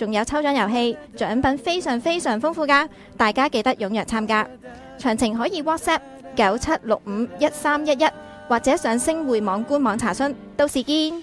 仲有抽獎遊戲，獎品非常非常豐富噶，大家記得踊躍參加。詳情可以 WhatsApp 97651311，或者上星匯網官網查詢。到時見。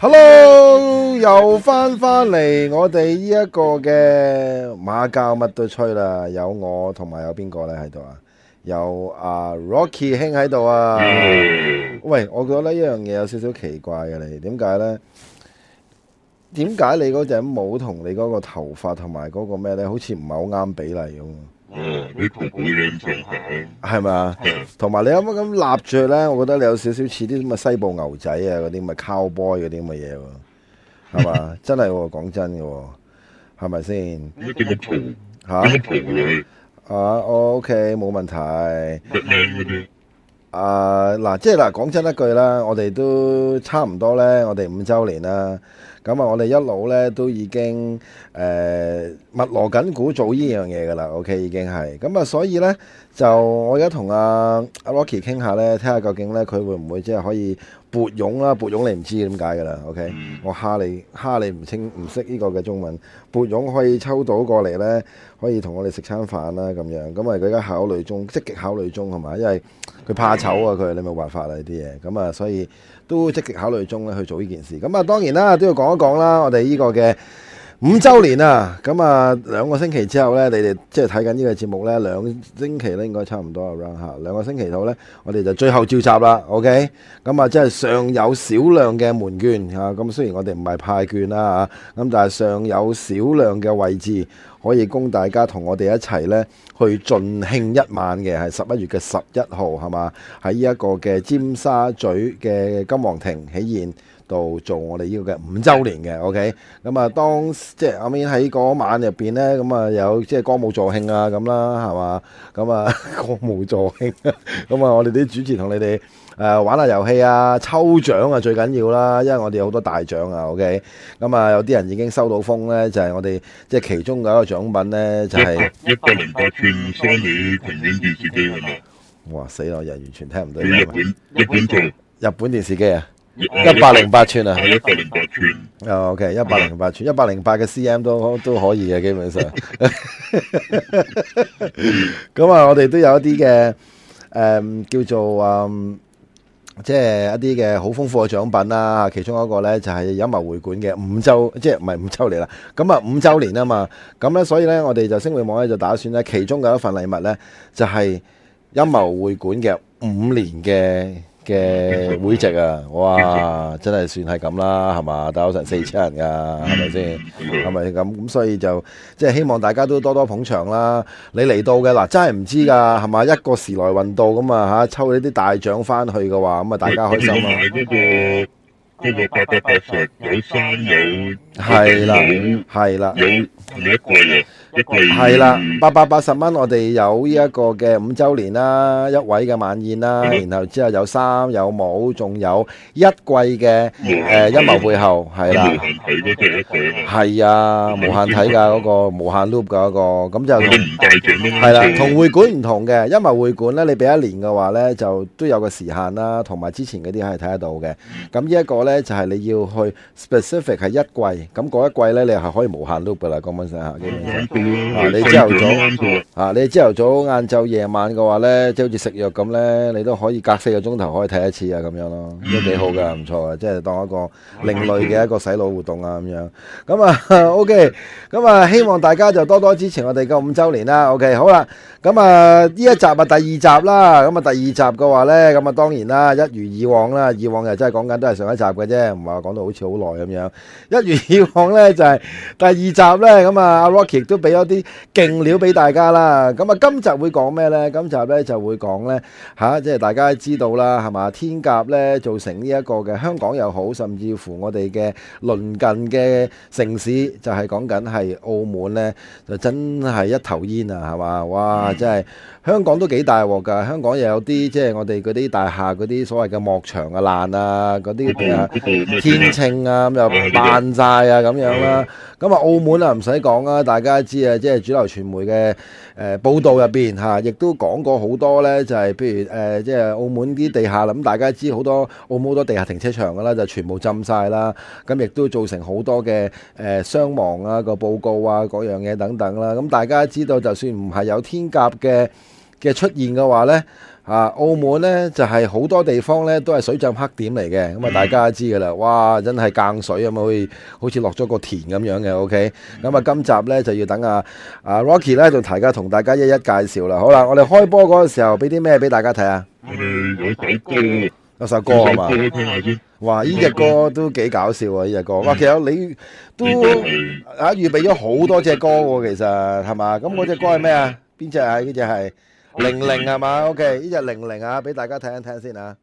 Hello，又翻返嚟我哋呢一個嘅馬交乜都吹啦，有我同埋有邊個呢？喺度啊？有阿 Rocky 兄喺度啊！嗯、喂，我覺得呢樣嘢有少少奇怪嘅，你點解呢？點解你嗰隻帽同你嗰個頭髮同埋嗰個咩呢？好似唔係好啱比例咁。嗯、啊，你同佢認真係咪啊？同埋你啱啱咁立著咧，我覺得你有少少似啲咁嘅西部牛仔啊，嗰啲咁嘅 cowboy 嗰啲咁嘅嘢喎，係嘛？ 真係、喎，講真嘅、喎，係咪先？吓啊，啊，OK，冇問題。啊，嗱，即係嗱，講真一句啦，我哋都差唔多咧，我哋五周年啦，咁啊，我哋一路咧都已經誒。呃密鑼緊鼓做呢樣嘢㗎啦，OK 已經係咁啊，所以呢，就我而家同阿阿 Rocky 傾下呢，睇下究竟呢，佢會唔會即係可以撥冗啦？撥冗你唔知點解㗎啦，OK 我蝦你蝦你唔清唔識呢個嘅中文，撥冗可以抽到過嚟呢，可以同我哋食餐飯啦咁樣。咁啊佢而家考慮中，積極考慮中係嘛？因為佢怕醜啊佢，你冇辦法啦呢啲嘢。咁啊所以都積極考慮中咧去做呢件事。咁啊當然啦都要講一講啦，我哋呢個嘅五周年啊！咁啊，兩個星期之後咧，你哋即係睇緊呢個節目咧，兩星期咧應該差唔多 around 吓，兩個星期到咧，我哋就最後召集啦，OK？咁啊，即係尚有少量嘅門券吓，咁雖然我哋唔係派券啦吓，咁但係尚有少量嘅位置可以供大家同我哋一齊咧去盡興一晚嘅，係十一月嘅十一號係嘛？喺呢一個嘅尖沙咀嘅金皇庭起宴。度做我哋呢個嘅五周年嘅，OK，咁啊當即係後尾喺嗰晚入邊咧，咁啊有即係歌舞助興啊咁啦，係嘛，咁啊歌舞助興，咁啊我哋啲主持同你哋誒玩下遊戲啊，抽獎啊最緊要啦，因為我哋有好多大獎啊，OK，咁啊有啲人已經收到封咧，就係我哋即係其中嘅一個獎品咧，就係一個年代 Sony 平面電視機，哇死咯，人完全聽唔到，日本日本電視機啊。一百零八寸啊！一百零八寸啊，OK，一百零八寸，一百零八嘅 CM 都都可以嘅，基本上。咁啊， 我哋都有一啲嘅，誒、嗯，叫做啊、嗯，即係一啲嘅好豐富嘅獎品啦。其中一個呢，就係陰謀會館嘅五周，即係唔係五周年啦。咁啊，五周年啊嘛。咁呢，所以呢，我哋就星匯網呢，就打算呢，其中嘅一份禮物呢，就係陰謀會館嘅五年嘅。嘅會席啊，哇！真係算係咁啦，係嘛？但係有成四千人㗎，係咪先？係咪咁？咁所以就即係希望大家都多多捧場啦。你嚟到嘅嗱，真係唔知㗎，係嘛？一個時來運到咁啊嚇，抽呢啲大獎翻去嘅話，咁啊，啊大、嗯、大家開心啦、啊、～係啦，係啦，係一個月，一個月係啦，八百八十蚊。我哋有呢一個嘅五周年啦，一位嘅晚宴啦，然後之後有衫有帽，仲有一季嘅誒陰謀背後係啦，係啊，無限睇噶嗰個無限 loop 嘅嗰個，咁就係啦，同會館唔同嘅。因為會館咧，你俾一年嘅話咧，就都有個時限啦，同埋之前嗰啲係睇得到嘅。咁呢一個咧。咧就係你要去 specific 係一季，咁嗰一季咧，你係可以無限 loop 噶啦，講緊先吓，你朝頭早啊，你朝頭早、晏晝、夜晚嘅話咧，即係好似食藥咁咧，你都可以隔四個鐘頭可以睇一次啊，咁樣咯，都幾好噶，唔錯啊，即係當一個另類嘅一個洗腦活動啊，咁樣。咁啊，OK，咁啊，希望大家就多多支持我哋嘅五周年啦。OK，好啦，咁啊，呢一集啊，第二集啦，咁啊，第二集嘅話咧，咁啊，當然啦，一如以往啦，以往又真係講緊都係上一集。嘅啫，唔話講到好似好耐咁樣。一如以往咧，就係第二集咧，咁啊，Rocky 都俾咗啲勁料俾大家啦。咁啊，今集會講咩咧？今集咧就會講咧嚇，即係大家知道啦，係嘛？天鴿咧造成呢一個嘅香港又好，甚至乎我哋嘅鄰近嘅城市，就係講緊係澳門咧，就真係一頭煙啊，係嘛？哇！真係香港都幾大鑊㗎，香港又有啲即係我哋嗰啲大廈嗰啲所謂嘅幕牆啊爛啊嗰啲啊～天秤啊，咁又扮晒啊，咁樣啦。咁啊，澳門啊，唔使講啦，大家知啊，即係主流傳媒嘅誒報道入邊吓，亦都講過好多咧，就係譬如誒，即係澳門啲地下咁，大家知好多澳門好多地下停車場噶啦，就全部浸晒啦。咁亦都造成好多嘅誒傷亡啊個報告啊各樣嘢等等啦。咁大家知道，就算唔係有天鴿嘅嘅出現嘅話咧。啊，澳門咧就係好多地方咧都係水浸黑點嚟嘅，咁啊大家都知噶啦，哇真係降水啊，咁好似好似落咗個田咁樣嘅，OK。咁啊今集咧就要等阿阿 Rocky 咧，仲提嘅同大家一一介紹啦。好啦，我哋開波嗰個時候俾啲咩俾大家睇啊？有首歌係嘛？哇，呢隻歌都幾搞笑啊！呢隻歌，哇，其實你都啊預備咗好多隻歌嘅其實係嘛？咁嗰隻歌係咩啊？邊隻啊？呢隻係？零零係嘛？OK，呢隻零零啊，俾大家聽一聽先啊。